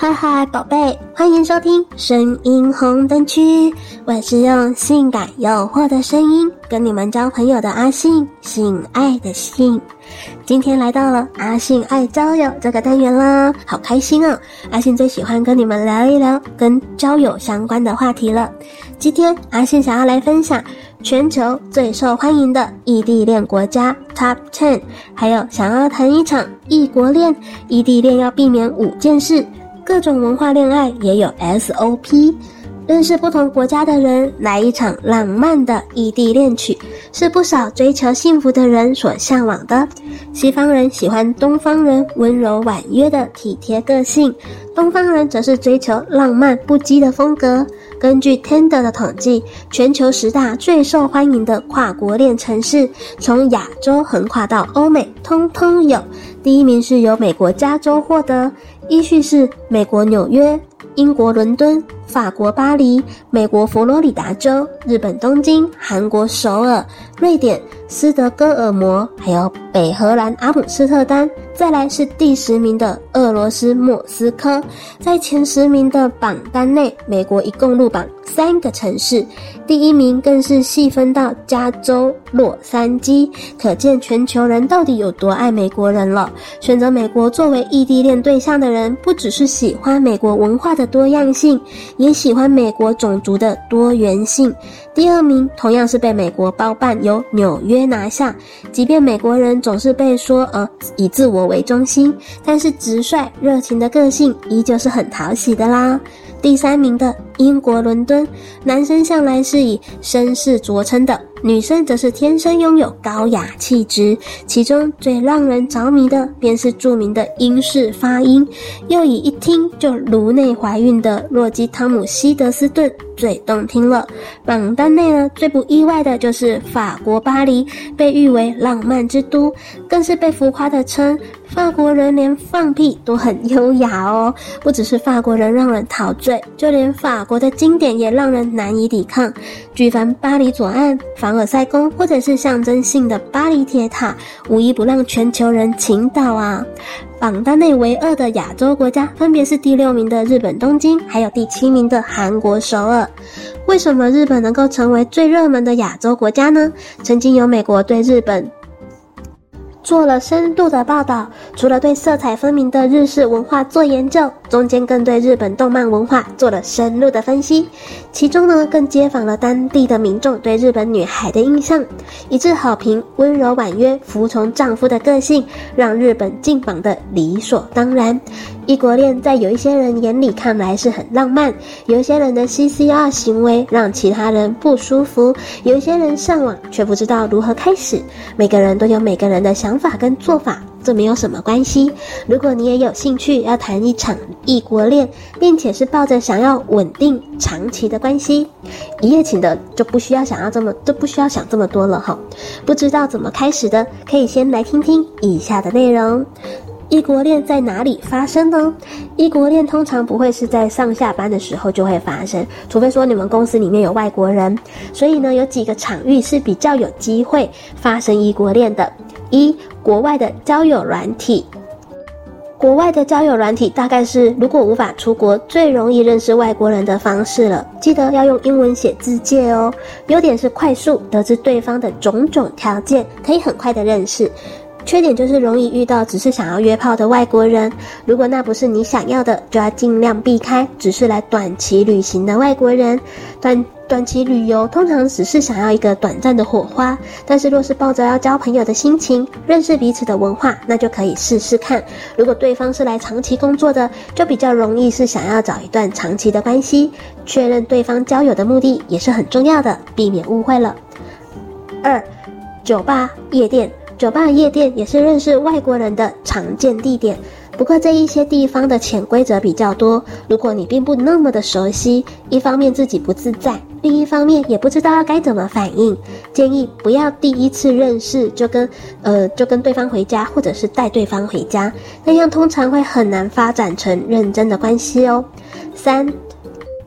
嗨嗨，寶貝，歡迎收聽《聲音紅燈區》，我是用性感誘惑的聲音跟你們交朋友的阿性，性愛的性。今天來到了阿性愛交友這個單元啦，好開心哦！阿性最喜歡跟你們聊一聊跟交友相關的話題了。今天阿性想要來分享全球最受歡迎的異地戀國家 Top Ten，還有想要談一場異國戀、異地戀要避免五件事。各種文化戀愛也有 SOP，認識不同國家的人，來一場浪漫的異地戀曲，是不少追求幸福的人所嚮往的。西方人喜歡東方人溫柔婉約的體貼個性，東方人則是追求浪漫不羈的風格。根據 Tinder 的統計，全球十大最受歡迎的跨國戀城市，從亞洲橫跨到歐美，通通有。第一名是由美國加州獲得，依序是美國紐約、英國倫敦。法國巴黎、美國佛羅里達州、日本東京、韓國首爾、瑞典斯德哥爾摩，還有北荷蘭阿姆斯特丹，再來是第十名的俄羅斯莫斯科。在前十名的榜單內，美國一共入榜三個城市，第一名更是細分到加州洛杉磯。可見全球人到底有多愛美國人了。選擇美國作為異地戀對象的人，不只是喜歡美國文化的多樣性。也喜歡美國種族的多元性。第二名同樣是被美國包辦，由紐約拿下。即便美國人總是被說呃以自我為中心，但是直率熱情的個性依舊是很討喜的啦。第三名的英國倫敦，男生向來是以紳士著稱的，女生則是天生擁有高雅氣質。其中最讓人着迷的，便是著名的英式發音，又以一聽就顱內懷孕的洛基·湯姆·希德斯頓最動聽了。榜單內呢，最不意外的就是法國巴黎，被譽為浪漫之都，更是被浮誇的稱法國人連放屁都很優雅哦。不只是法國人讓人陶醉，就連法國的經典也讓人難以抵抗。舉凡巴黎左岸、凡爾賽宮，或者是象徵性的巴黎鐵塔，無一不讓全球人傾倒啊。榜單內唯二的亞洲國家，分別是第六名的日本東京，還有第七名的韓國首爾。為什麼日本能夠成為最熱門的亞洲國家呢？曾經有美國對日本做了深度的報道，除了對色彩分明的日式文化做研究，中間更對日本動漫文化做了深入的分析，其中呢更採訪了當地的民眾對日本女孩的印象，一致好評，溫柔婉約，服從丈夫的個性，讓日本進榜的理所當然。異國戀在有一些人眼裡看來是很浪漫，有一些人的 CCR 行為讓其他人不舒服，有一些人上網卻不知道如何開始，每個人都有每個人的想法。法跟做法這沒有什麼關係。如果你也有興趣要談一場異國戀，並且是抱着想要穩定長期的關係，一夜情的就不需要想要這麼就不需要想這麼多了吼。不知道怎麼開始的，可以先來聽聽以下的內容。異國戀在哪裡發生呢？異國戀通常不會是在上下班的時候就會發生，除非說你們公司裡面有外國人。所以呢，有幾個場域是比較有機會發生異國戀的。一、國外的交友軟體，國外的交友軟體大概是如果無法出國最容易認識外國人的方式了。記得要用英文寫自介哦。優點是快速得知對方的種種條件，可以很快的認識。缺點就是容易遇到只是想要約炮的外國人，如果那不是你想要的，就要盡量避開。只是來短期旅行的外國人，短短期旅遊通常只是想要一個短暫的火花，但是若是抱着要交朋友的心情，認識彼此的文化，那就可以試試看。如果對方是來長期工作的，就比較容易是想要找一段長期的關係。確認對方交友的目的也是很重要的，避免誤會了。二，酒吧、夜店。酒吧、夜店也是認識外國人的常見地點，不過這一些地方的潛規則比較多。如果你並不那麼的熟悉，一方面自己不自在，另一方面也不知道該怎麼反應。建議不要第一次認識就跟，呃，就跟對方回家，或者是帶對方回家，那樣通常會很難發展成認真的關係哦。三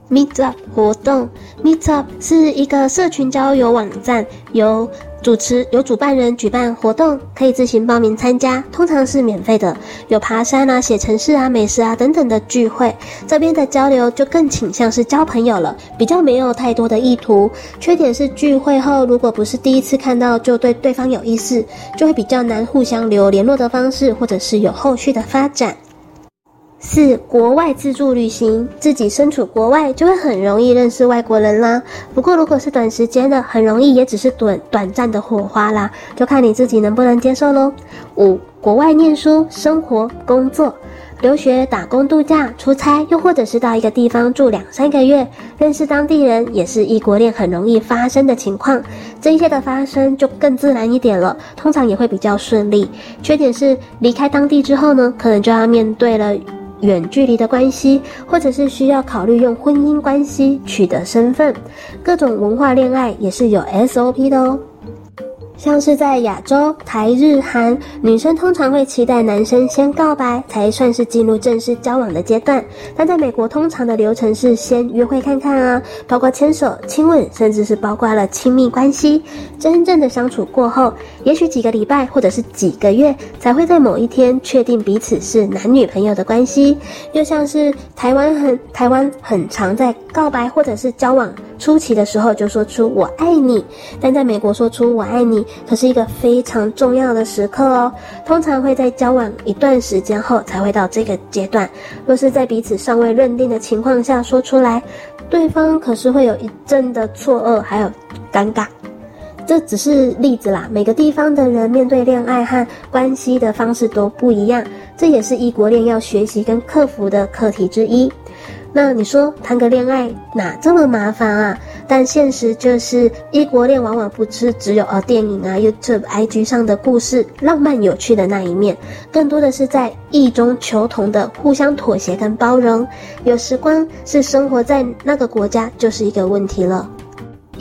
，Meetup 活動，Meetup 是一個社群交友網站，由。主持有主辦人舉辦活動，可以自行報名參加，通常是免費的。有爬山啊、寫城市啊、美食啊等等的聚會，這邊的交流就更傾向是交朋友了，比較沒有太多的意圖。缺點是聚會後，如果不是第一次看到就對對方有意思，就會比較難互相留聯絡的方式，或者是有後續的發展。四、國外自助旅行，自己身處國外就會很容易認識外國人啦。不過如果是短時間的，很容易也只是短短暫的火花啦，就看你自己能不能接受嘍。五、國外念書、生活、工作、留學、打工度假、出差，又或者是到一個地方住兩三個月，認識當地人也是異國戀很容易發生的情況。這一切的發生就更自然一點了，通常也會比較順利。缺點是離開當地之後呢，可能就要面對了。遠距離的關係，或者是需要考慮用婚姻關係取得身份，各種文化戀愛也是有 SOP 的哦。像是在亞洲，台日韓女生通常會期待男生先告白，才算是進入正式交往的階段。但在美國，通常的流程是先約會看看啊，包括牽手、親吻，甚至是包括了親密關係。真正的相處過後，也許幾個禮拜或者是幾個月，才會在某一天確定彼此是男女朋友的關係。又像是台灣很，台灣很常在告白或者是交往，初期的時候就說出“我愛你”，但在美國說出“我愛你”可是一個非常重要的時刻哦。通常會在交往一段時間後才會到這個階段。若是在彼此尚未認定的情況下說出來，對方可是會有一陣的錯愕還有尷尬。這只是例子啦，每個地方的人面對戀愛和關係的方式都不一樣，這也是異國戀要學習跟克服的課題之一。那你說談個戀愛哪這麼麻煩啊？但現實就是異國戀往往不是只有呃、啊、電影啊、YouTube、IG 上的故事浪漫有趣的那一面，更多的是在異中求同的互相妥協跟包容。有時光是生活在那個國家就是一個問題了。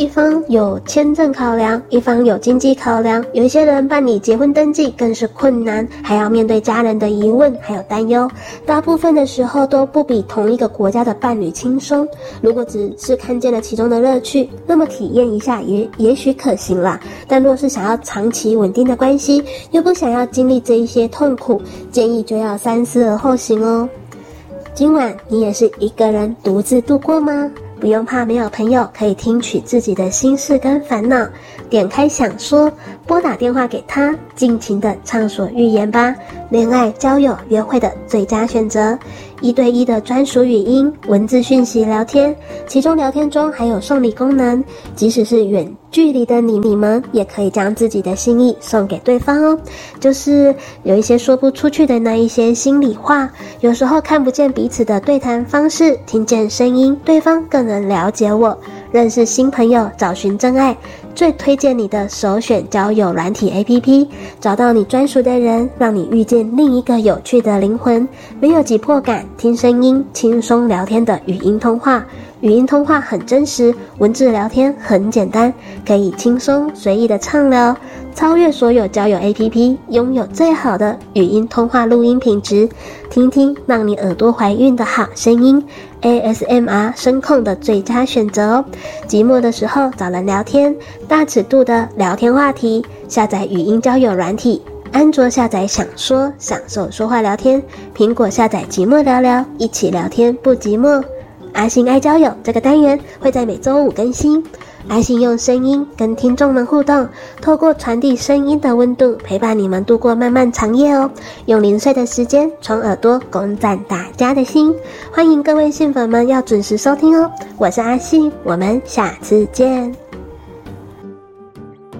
一方有簽證考量，一方有經濟考量，有一些人辦理結婚登記更是困難，還要面對家人的疑問還有擔憂，大部分的時候都不比同一個國家的伴侶輕鬆。如果只是看見了其中的樂趣，那麼體驗一下也也許可行啦。但若是想要長期穩定的關係，又不想要經歷這一些痛苦，建議就要三思而後行哦。今晚你也是一個人獨自度過嗎？不用怕，沒有朋友可以聽取自己的心事跟煩惱。點開享說，撥打電話給他，盡情的暢所欲言吧。戀愛、交友、約會的最佳選擇，一對一的專屬語音、文字訊息聊天，其中聊天中還有送禮功能。即使是遠距離的你你們，也可以將自己的心意送給對方哦。就是有一些說不出去的那一些心裡話，有時候看不見彼此的對談方式，聽見聲音，對方更能了解我。認識新朋友，找尋真愛，最推薦你的首選交友軟體 APP，找到你專屬的人，讓你遇見另一個有趣的靈魂。沒有緊迫感，聽聲音輕鬆聊天的語音通話，語音通話很真實，文字聊天很簡單，可以輕鬆隨意的暢聊。超越所有交友 APP，擁有最好的語音通話錄音品質，聽聽讓你耳朵懷孕的好聲音。ASMR 聲控的最佳選擇哦！寂寞的時候找人聊天，大尺度的聊天話題。下載語音交友軟體，安卓下載享說享受說話聊天，蘋果下載寂寞聊聊，一起聊天不寂寞。阿性愛交友這個單元會在每周五更新。阿性用聲音跟聽眾們互動，透過傳遞聲音的溫度，陪伴你們度過漫漫長夜哦。用零碎的時間，從耳朵攻佔大家的心。歡迎各位性粉們要準時收聽哦。我是阿性，我們下次見。